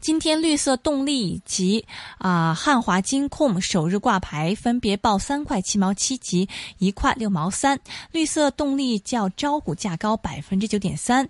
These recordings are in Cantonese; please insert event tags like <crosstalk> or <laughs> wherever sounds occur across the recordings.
今天綠色動力及啊、呃、漢華金控首日掛牌分別報三塊七毛七及一塊六毛三。綠色動力較招股價高百分之九點三，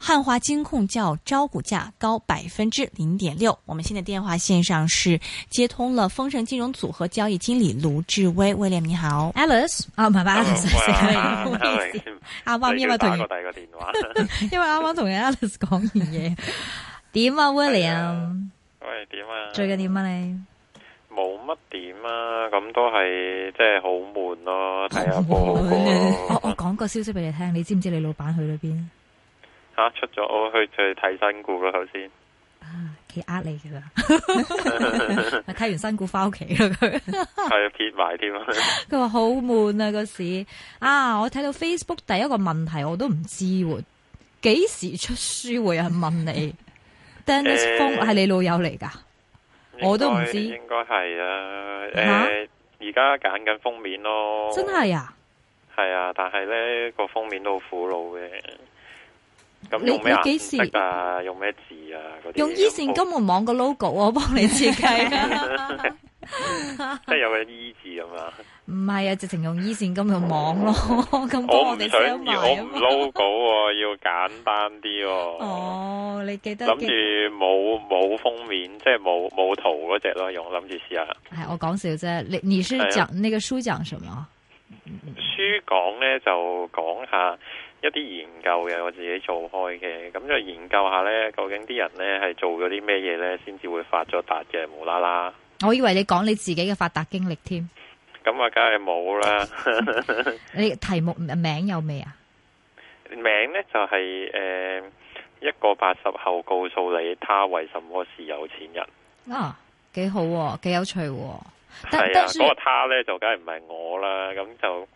漢華金控較招股價高百分之零點六。我們現在電話線上是接通了豐盛金融組合交易經理盧志威 William 你好，Alice 啊，媽巴、啊，謝謝、啊，啱啱同，因為啱啱同 Alice 講完嘢。點啊，William？呀喂，點啊？最近點啊你？冇乜點啊，咁都係即係好悶咯，睇下，啊、 <laughs> 我我講個消息俾你聽，你知唔知你老闆去咗邊？吓、啊、出咗，我去就睇新股啦，頭先。企呃、啊、你噶啦，睇 <laughs> <laughs> 完新股翻屋企啦佢。係 <laughs> <laughs> 撇埋添。佢話好悶啊個市啊！我睇到 Facebook 第一個問題我都唔知喎，幾時出書會有人問你？ <laughs> Dennis 封係你老友嚟噶，我都唔知。應該係啊，誒，而家揀緊封面咯。真係啊，係啊，但係咧個封面都好苦惱嘅。咁你幾時啊？用咩字啊？用 E 善金木網個 logo 我幫你設計，即係有緊 E 字啊嘛。唔係啊，直情用 E 線金融網咯，咁幫我哋收埋啊！我唔想，我唔 logo 喎，要簡單啲哦。哦，你記得諗住冇冇封面，即係冇冇圖嗰隻咯，用諗住試下。係我講笑啫，你是講呢個書講什麼？書講咧就講下一啲研究嘅，我自己做開嘅咁就研究下咧，究竟啲人咧係做咗啲咩嘢咧，先至會發咗達嘅，無啦啦。我以為你講你自己嘅發達經歷添。咁啊，梗係冇啦！你題目名有未啊？名咧就係、是、誒、呃，一個八十後告訴你，他為什麼是有錢人啊？幾好、啊，幾有趣。係啊，嗰、啊那個他咧就梗係唔係我啦。咁就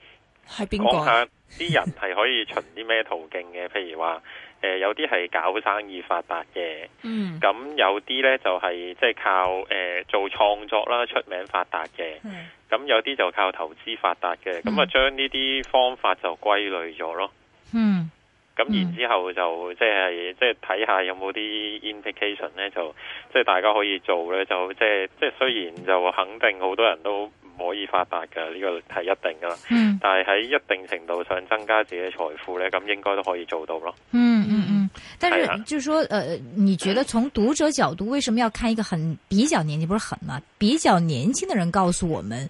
係邊個？講下啲人係可以循啲咩途徑嘅？譬 <laughs> 如話誒、呃，有啲係搞生意發達嘅。嗯，咁有啲咧就係即係靠誒、呃、做創作啦，出名發達嘅。嗯咁有啲就靠投資發達嘅，咁啊將呢啲方法就歸類咗咯。嗯，咁然之後就即係即係睇下有冇啲 indication 咧，就即係、就是、大家可以做咧，就即係即係雖然就肯定好多人都唔可以發達嘅，呢、呢個係一定噶啦。嗯，但係喺一定程度上增加自己嘅財富咧，咁應該都可以做到咯。嗯。嗯。但是，就是說，是的，呃，你覺得從讀者角度，為什麼要看一個很比較年紀，不是很嘛？比較年輕的人告訴我們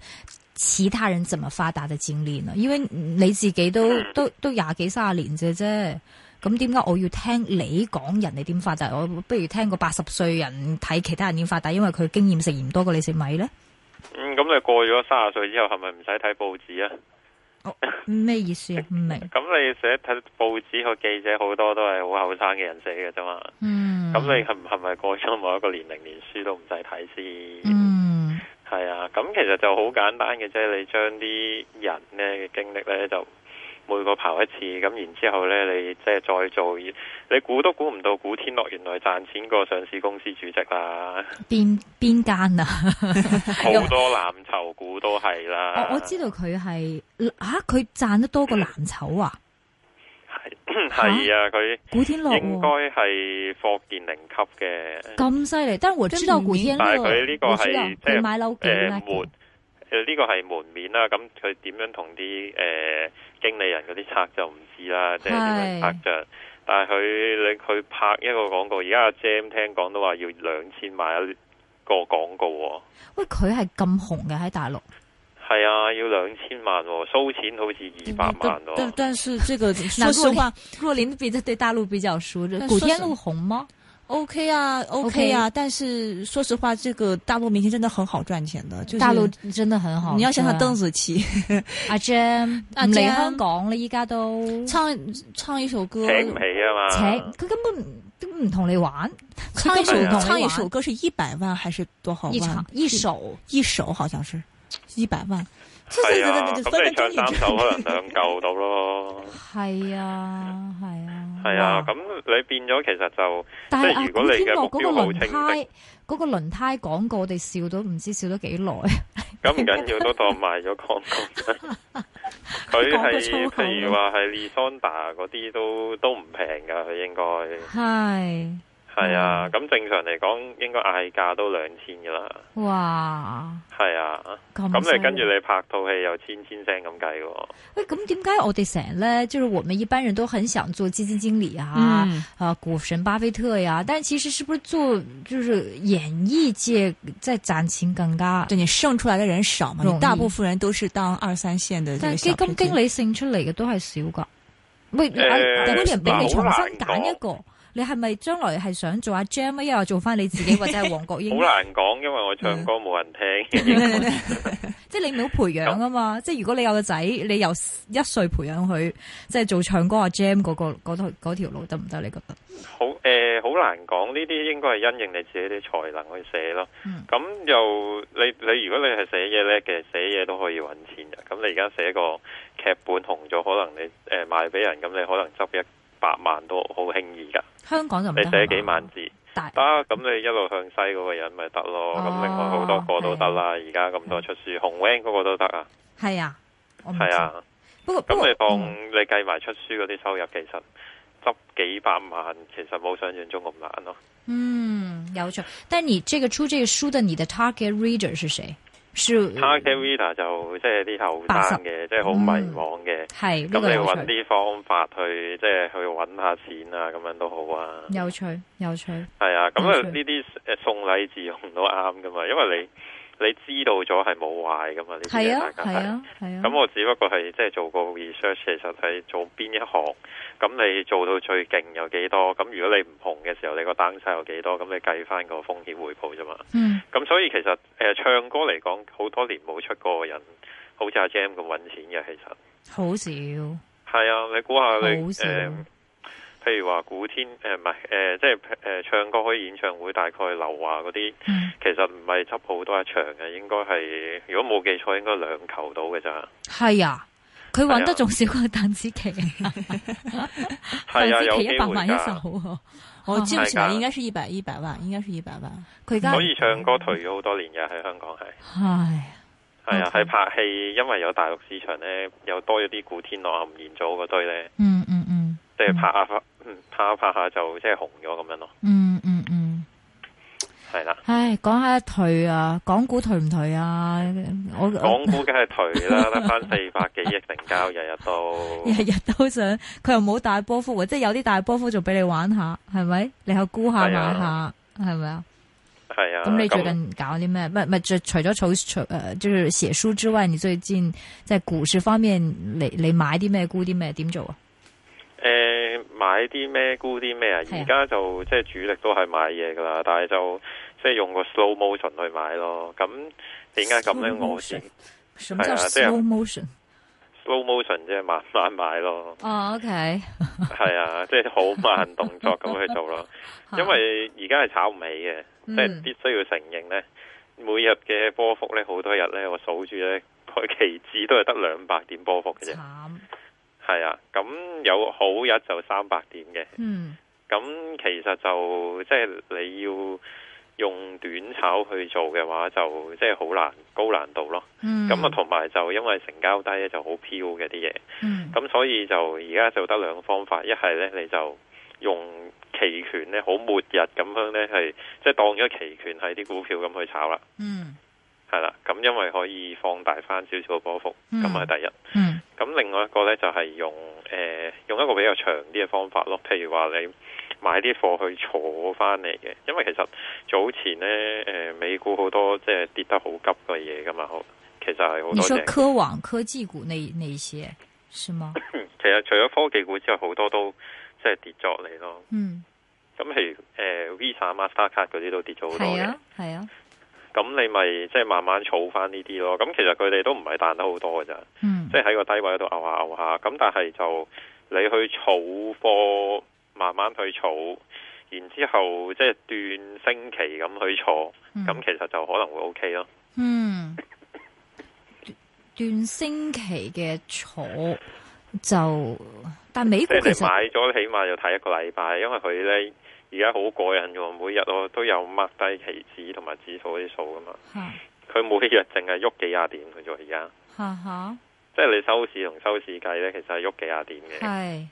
其他人怎麼發達的經歷呢？因為你自己都、嗯、都都廿幾三十年啫啫，咁點解我要聽你講人哋點發達？達我不如聽個八十歲人睇其他人點發達？達因為佢經驗食鹽多過你食米咧、嗯？嗯，咁、嗯、你、嗯嗯嗯嗯、過咗三十歲之後，係咪唔使睇報紙啊？咩、oh, 意思啊？唔明 <laughs> 咁你寫睇報紙個記者好多都係好後生嘅人寫嘅啫嘛。嗯。咁你係唔係咪過咗某一個年齡，連書都唔使睇先？嗯。係啊。咁其實就好簡單嘅啫，就是，你將啲人咧嘅經歷咧就。每個跑一次，咁然後之後咧，你即係再做，你估都估唔到古天樂原來賺錢過上市公司主席啦。邊邊間啊？好多藍籌股都係啦。我知道佢係啊佢賺得多個藍籌啊，係係是啊佢古天樂應該係霍建寧級嘅咁犀利。但係我，我知道古天樂，但係佢呢個係即係買樓嘅門誒，呢個係門面啦。咁佢點樣同啲誒？呃經理人嗰啲策就唔知啦，即係啲咩策略。但係佢你佢拍一個廣告，而家阿 Jam 聽講都話要兩千萬一個廣告、哦。喂，佢係咁紅嘅喺大陸？係啊，要兩千萬、哦，收錢好似二百萬咯、哦。但係呢、這個， <laughs> 說實話， <laughs> 若琳比較對大陸比較熟，古天樂紅嗎？OK 啊，OK 啊，但是說實話，這個大陸明星真的很好賺錢的，就大陸真的很好。你要想想鄧紫棋、阿 Jam，唔嚟香港咧，依家都唱唱一首歌請唔起啊嘛，請，佢根本唔同你玩。唱唱一首歌是一百萬還是多好？一場一首一首，好像是一百萬。係啊，咁你唱三首可能夠到咯。係啊。係啊，咁你變咗其實就但、啊、即係如果你嘅目標好清晰，嗰、啊、個輪胎廣告、那個、我哋笑到唔知笑咗幾耐。咁唔緊要 <laughs> 都當賣咗廣告。佢係譬如話係 Leander 嗰啲都都唔平㗎，佢應該。 <laughs> 係。係啊，咁、嗯、正常嚟講應該嗌價都兩千噶啦。哇，係啊，咁你跟住你拍套戲又千、嗯、千聲咁計喎。誒、哎，咁點解我哋成日咧？就是我們一般人都很想做基金經理啊、嗯、啊，股神巴菲特呀、啊，但係其實是不是做就是演藝界即係賺錢更加？對，你勝出來的人少嘛，易你大部分人都是當二三線的。但係基金經理勝出嚟嘅都係少噶。喂，呃、等啲人俾你重新揀一、呃、個。你係咪將來係想做阿 Gem 啊，一話做翻你自己，或者係黃國英？好 <laughs> 難講，因為我唱歌冇人聽。 <laughs> <laughs> 即係你唔好培養啊嘛！那即係如果你有個仔，你由一歲培養佢，即係做唱歌阿 Gem 嗰、嗰個嗰條路得唔得？你覺得？好誒，好、呃、難講。呢啲應該係因應你自己啲才能去寫咯。咁又 <laughs> 你你如果你係寫嘢叻嘅，實寫嘢都可以揾錢嘅。咁你而家寫個劇本紅咗，可能你誒、呃、賣俾人，咁你可能執一。百萬都好輕易噶，香港就你寫幾萬字，得咁、啊、你一路向西嗰個人咪得咯，咁、啊、另外好多個都得啦，而家咁多出書，嗯、紅 Van 嗰個都得啊，係啊，係啊，不過咁你當你計埋出書嗰啲收入，不過嗯、其實執幾百萬其實冇想象中咁難咯、啊。嗯，有趣，但你這個出這個書的，你的 target reader 是誰？target weather 就即係啲後生嘅，即係好 80, 迷惘嘅。係咁、嗯，你揾啲方法去即係、嗯、去揾下錢啊，咁樣都好啊。有趣，有趣。係啊，咁啊呢啲誒送禮自用都啱㗎嘛，因為你。你知道咗係冇壞噶嘛？你呢啲係啊係啊，咁是、啊啊、我只不過係即係做個 research，其實係做邊一行，咁你做到最勁有幾多？咁如果你唔紅嘅時候，你個 downside 有幾多？咁你計翻個風險回報啫嘛。嗯。咁所以其實、呃、唱歌嚟講，好多年冇出過人，好似阿 Gem 咁搵錢嘅其實。好少 <laughs> 。係啊，你估下你誒？好 <laughs> 呃譬如話古天誒唔係，誒，即係誒唱歌開演唱會，大概劉華嗰啲，其實唔係執好多一場嘅，應該係如果冇記錯，應該兩球到嘅咋？係啊，佢搵得仲少過鄧紫棋。係啊，有機會噶。我記唔起啦，應該係一百一百萬，應該係二百萬。佢而家唔可以唱歌，退咗好多年嘅喺香港係。係係啊，係拍戲，因為有大陸市場咧，又多咗啲古天樂啊、吳彥祖嗰堆咧。嗯嗯嗯，即係拍啊。拍拍下就即係紅咗咁樣咯。嗯嗯嗯，係、嗯、啦。嗯、的唉，講下退啊，港股退唔退啊？我港股梗係退啦，得翻， <laughs> 四百幾億成交，日日都，日日都想。佢又冇大波幅，即係有啲大波幅就俾你玩下，係咪？你又沽下買下，係咪啊？係啊吧。咁的你最近搞啲咩？唔係係，除咗草草誒，就是寫書之外，你最近在、就是、股市方面，你你買啲咩？沽啲咩？點做啊？誒、欸。買啲咩，沽啲咩啊？而家就即係主力都係買嘢噶啦，但係就即係用個 slow motion 去買咯。咁點解咁呢？我先係啊，即係 slow motion，slow motion 即係慢慢買咯。哦、oh,，OK，係 <laughs> 啊，即係好慢動作咁去做咯。因為而家係炒唔起嘅，即係必須要承認咧，每日嘅波幅咧好多日咧，我數住咧佢期指都係得兩百點波幅嘅啫。係啊，咁有好日就三百點嘅。嗯，咁其實就即係、就是、你要用短炒去做嘅話就，就即係好難高難度咯。嗯，咁啊同埋就因為成交低咧，就好飄嘅啲嘢。嗯，咁所以就而家就得兩個方法，一係呢，你就用期權呢，好末日咁樣呢，係即係當咗期權喺啲股票咁去炒啦。嗯，係啦、啊，咁因為可以放大翻少少波幅，咁係、嗯、第一。嗯咁另外一個咧就係、是、用誒、呃、用一個比較長啲嘅方法咯，譬如話你買啲貨去坐翻嚟嘅，因為其實早前咧、呃、美股好多即係跌得好急嘅嘢噶嘛，好其實係好多嘢。你說科網科技股呢那一些係咪？ <laughs> 其實除咗科技股之外，好多都即係跌咗落嚟咯。嗯，咁譬如、呃、Visa、Mastercard 嗰啲都跌咗好多嘢，係啊，係啊。咁你咪即係慢慢儲翻呢啲咯，咁其實佢哋都唔係彈得好多㗎咋，嗯、即係喺個低位喺度嘔下嘔下，咁但係就你去儲貨，慢慢去儲，然之後即係、就是、斷星期咁去儲，咁、嗯、其實就可能會 OK 咯。嗯，斷星期嘅儲就， <laughs> 但美股其實買咗起碼要睇一個禮拜，因為佢咧。而家好過癮喎、啊，每日我都有擘低期指同埋指數啲數噶嘛。佢是每日淨係喐幾廿點㗎咋而家，哈哈即係你收市同收市計呢，其實係喐幾廿點嘅。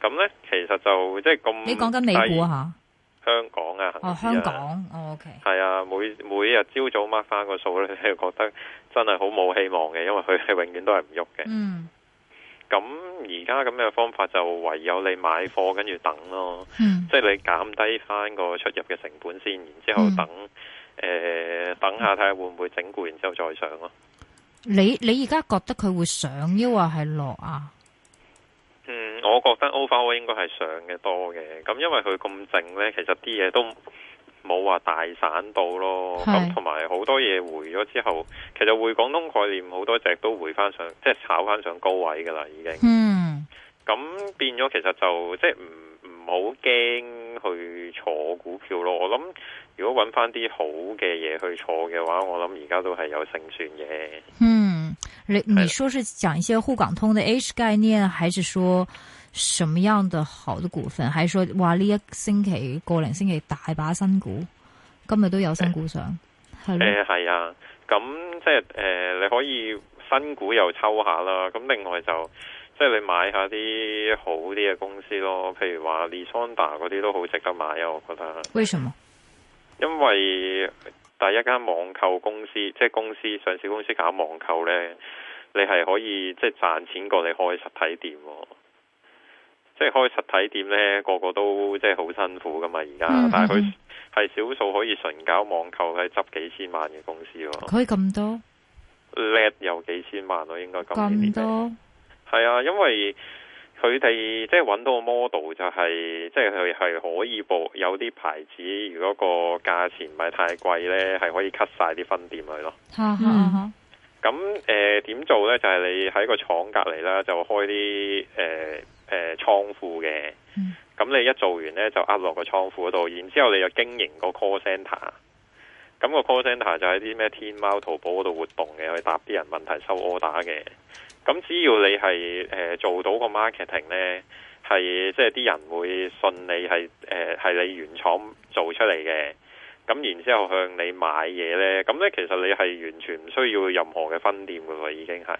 咁是呢，其實就即係咁。你講緊美股吓？香港啊，啊、哦，香港，哦 O K。係、okay、啊，每每日朝早擘翻個數呢，你覺得真係好冇希望嘅，因為佢係永遠都係唔喐嘅。嗯。咁而家咁嘅方法就唯有你買貨跟住等咯，嗯、即係你減低翻個出入嘅成本先，然之後等、嗯、誒等下睇下會唔會整固，然之後再上咯。你你而家覺得佢會上，抑或係落啊？嗯，我覺得 overall 應該係上嘅多嘅，咁因為佢咁靜呢，其實啲嘢都。冇話大散到咯，咁同埋好多嘢回咗之後，其實回廣東概念好多隻都回翻上，即係炒翻上高位噶啦，已經。嗯，咁變咗其實就即係唔唔好驚去坐股票咯。我諗如果揾翻啲好嘅嘢去坐嘅話，我諗而家都係有勝算嘅。嗯，你你說是講一些滬港通的 H 概念，還是說？什麼樣的好的股份？還是話呢一星期、個零星期大把新股，今日都有新股上，係咯、呃？誒的，係、呃、啊，咁即係誒、呃，你可以新股又抽下啦。咁另外就即係你買下啲好啲嘅公司咯，譬如話 Lianda 嗰啲都好值得買，我覺得。為什麼？因為第一間網購公司，即係公司上市公司搞網購呢，你係可以即係賺錢過你開實體店。即係開實體店呢，個個都即係好辛苦噶嘛，而家，嗯、但係佢係少數可以純搞網購，係執幾千萬嘅公司咯。可以咁多？叻，有幾千萬咯，應該咁多。係啊，因為佢哋即係揾到個 model 就係，即係佢係可以報有啲牌子，如果個價錢唔係太貴呢，係可以 cut 晒啲分店去咯。咁點點做呢？就係、是、你喺個廠隔籬啦，就開啲誒。呃誒，倉庫嘅，咁你一做完呢，就壓落個倉庫嗰度，然之後你又經營個 call center，咁個 call center 就喺啲咩天貓、淘寶嗰度活動嘅，去答啲人問題、收 e 打嘅。咁只要你係誒、呃、做到個 marketing 呢，係即係啲人會信你係誒係你原廠做出嚟嘅，咁然之後向你買嘢呢，咁呢其實你係完全唔需要任何嘅分店噶咯，已經係，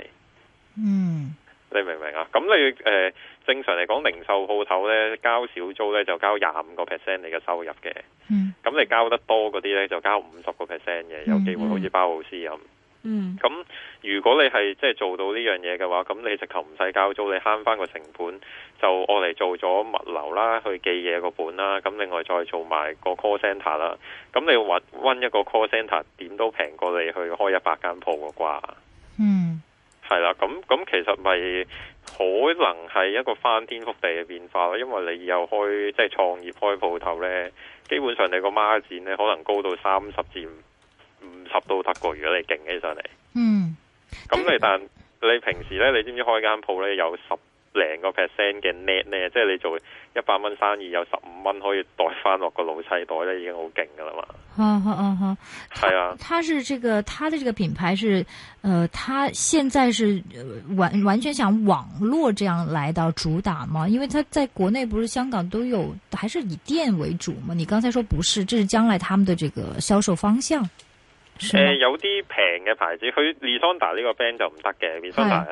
嗯，你明唔明啊？咁你誒。呃正常嚟講，零售鋪頭呢，交少租呢，就交廿五個 percent 你嘅收入嘅，咁、嗯、你交得多嗰啲呢，就交五十個 percent 嘅，有機會好似包豪斯咁。咁、嗯嗯、如果你係即係做到呢樣嘢嘅話，咁你直頭唔使交租，你慳翻個成本，就我嚟做咗物流啦，去寄嘢個本啦，咁另外再做埋個 call center 啦，咁你揾一個 call center 點都平過你去開一百間鋪嘅啩。係啦，咁咁其實咪可能係一個翻天覆地嘅變化咯，因為你又開即係創業開鋪頭呢，基本上你個孖展呢，可能高到三十至五十都得過，如果你勁起上嚟。嗯，咁你但你平時呢，你知唔知開間鋪呢？有十零個 percent 嘅 net 咧，即係你做一百蚊生意有十五蚊可以袋翻落個老細袋咧，已經好勁噶啦嘛。嗯，係啊，啊，啊它。它是這個，它的這個品牌是，呃，它現在是完、呃、完全想網絡這樣來到主打嘛？因為它在國內不是香港都有，還是以店為主嘛？你剛才說不是，這是將來他們的這個銷售方向。係、呃、有啲平嘅牌子，佢利桑達呢個 brand 就唔得嘅利桑達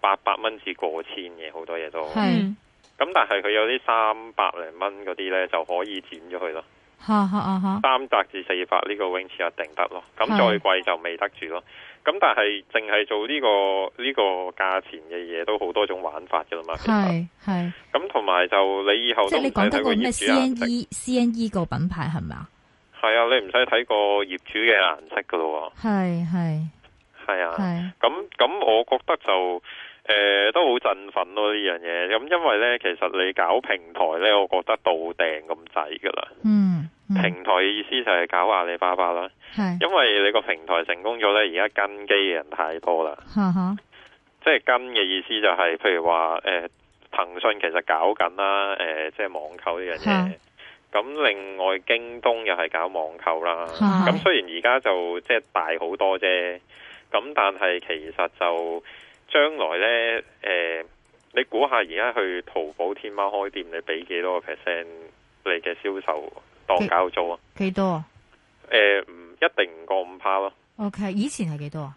八百蚊至過千嘅好多嘢都，咁是、嗯、但係佢有啲三百零蚊嗰啲咧就可以剪咗去咯，三百、啊啊啊、至四百呢個泳池一定得咯，咁再貴就未得住咯。咁但係淨係做呢個呢個價錢嘅嘢都好多種玩法噶啦嘛，係係。咁同埋就你以後都係你講得個咩 CNE CNE 個品牌係咪啊？係啊，你唔使睇個業主嘅顏色噶咯。係係係啊，咁咁是我覺得就。誒、呃，都好振奮咯，呢樣嘢。咁、嗯、因為呢，其實你搞平台呢，我覺得到頂咁滯㗎喇。嗯。平台嘅意思就係搞阿里巴巴啦。是因為你個平台成功咗呢，而家跟機嘅人太多啦。嗯、哼即係跟嘅意思就係、是，譬如話、呃、騰訊其實搞緊啦，誒、呃，即係網購呢樣嘢。咁是、嗯、另外京東又係搞網購啦。咁是、嗯、雖然而家就即係大好多啫，咁但係其實就。將來咧，誒、呃，你估下而家去淘寶、天貓開店你，你俾幾多個 percent 你嘅銷售當交租啊？幾，幾多啊？誒、呃，唔一定唔過五趴咯。OK，以前係幾多啊？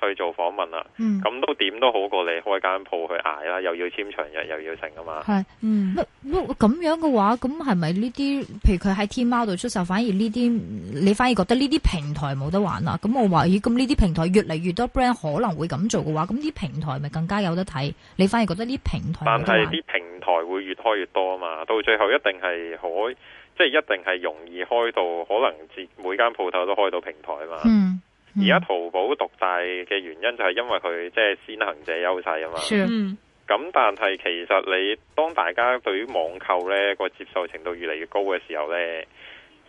去做訪問啦，咁、嗯、都點都好過你開間鋪去挨啦，又要簽長日，又要成㗎嘛。係，嗯，咁樣嘅話，咁係咪呢啲？譬如佢喺天貓度出售，反而呢啲，你反而覺得呢啲平台冇得玩啦、啊。咁我懷疑，咁呢啲平台越嚟越多 brand 可能會咁做嘅話，咁啲平台咪更加有得睇？你反而覺得呢啲平台得？但係啲平台會越開越多啊嘛，到最後一定係開，即、就、係、是、一定係容易開到，可能每間鋪頭都開到平台啊嘛。嗯。而家淘寶獨大嘅原因就係因為佢即係先行者優勢啊嘛。咁、嗯、但係其實你當大家對於網購呢個接受程度越嚟越高嘅時候呢。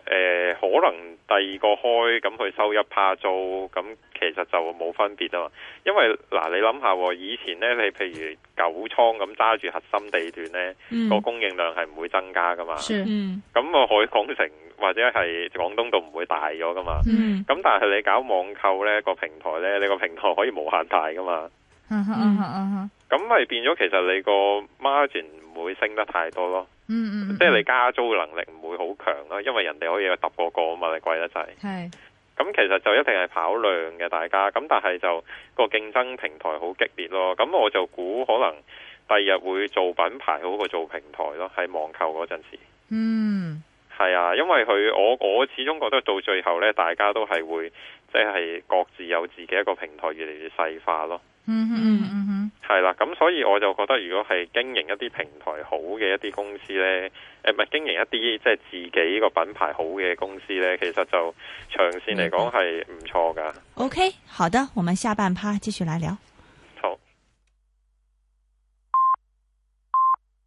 誒、呃，可能第二個開咁去收一拍租，咁其實就冇分別啊嘛。因為嗱、呃，你諗下，以前咧你譬如九倉咁揸住核心地段咧，個、嗯、供應量係唔會增加噶嘛。咁啊，嗯、海港城或者係廣東度唔會大咗噶嘛。咁、嗯、但係你搞網購咧個平台咧，你個平台可以無限大噶嘛。嗯嗯嗯嗯，咁咪、啊啊、變咗其實你個 margin 唔會升得太多咯。嗯，嗯，嗯，嗯，即係你加租能力唔會好強咯，因為人哋可以話揼過個啊嘛，你貴得滯。係，咁其實就一定係跑量嘅，大家咁，但係就個競爭平台好激烈咯。咁我就估可能第二日會做品牌好過做平台咯，係網購嗰陣時。嗯，係啊，因為佢我我始終覺得到最後呢，大家都係會即係各自有自己一個平台，越嚟越細化咯。嗯嗯嗯嗯，係啦，mm，咁，hmm, mm hmm. 所以我就覺得，如果係經營一啲平台好嘅一啲公司呢，誒，唔係經營一啲即係自己個品牌好嘅公司呢，其實就長線嚟講係唔錯噶。Mm hmm. OK，好的，我們下半趴 a r t 繼續來聊。